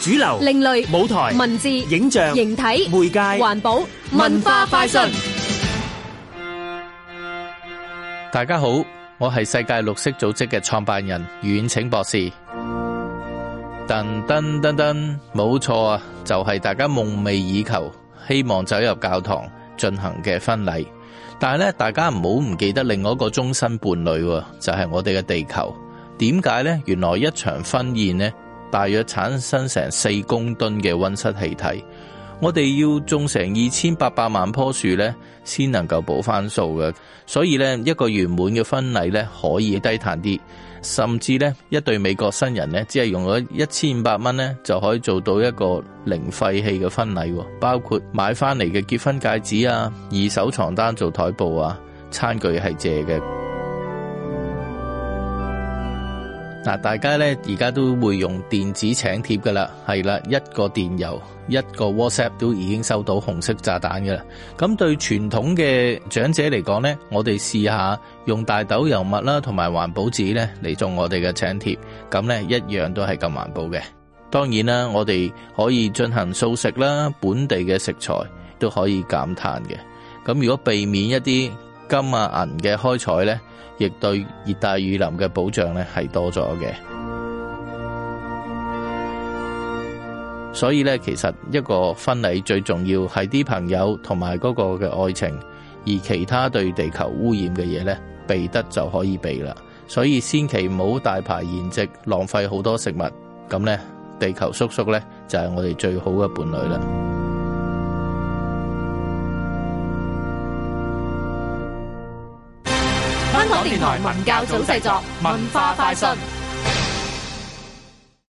主流、另類、舞台、文字、影像、形體、媒介、環保、文化快訊。大家好，我係世界綠色組織嘅創辦人遠騁博士。噔噔噔噔，冇錯啊，就係、是、大家夢寐以求，希望走入教堂進行嘅婚禮。但係咧，大家唔好唔記得另外一個終身伴侶，就係、是、我哋嘅地球。點解呢？原來一場婚宴咧。大約產生成四公噸嘅溫室氣體，我哋要種成二千八百萬棵樹咧，先能夠補翻數嘅。所以呢，一個圓滿嘅婚禮咧，可以低碳啲，甚至呢，一對美國新人咧只係用咗一千五百蚊咧，就可以做到一個零廢棄嘅婚禮，包括買翻嚟嘅結婚戒指啊，二手牀單做台布啊，餐具係借嘅。嗱，大家咧而家都會用電子請帖噶啦，係啦，一個電郵一個 WhatsApp 都已經收到紅色炸彈嘅啦。咁對傳統嘅長者嚟講咧，我哋試下用大豆油墨啦，同埋環保紙咧嚟做我哋嘅請帖，咁咧一樣都係咁環保嘅。當然啦，我哋可以進行素食啦，本地嘅食材都可以減碳嘅。咁如果避免一啲金啊銀嘅開採呢，亦對熱帶雨林嘅保障呢，係多咗嘅。所以呢，其實一個婚禮最重要係啲朋友同埋嗰個嘅愛情，而其他對地球污染嘅嘢呢，避得就可以避啦。所以先期唔好大排筵席，浪費好多食物，咁呢，地球叔叔呢，就係我哋最好嘅伴侶啦。香港電台文教組製作，文化快訊。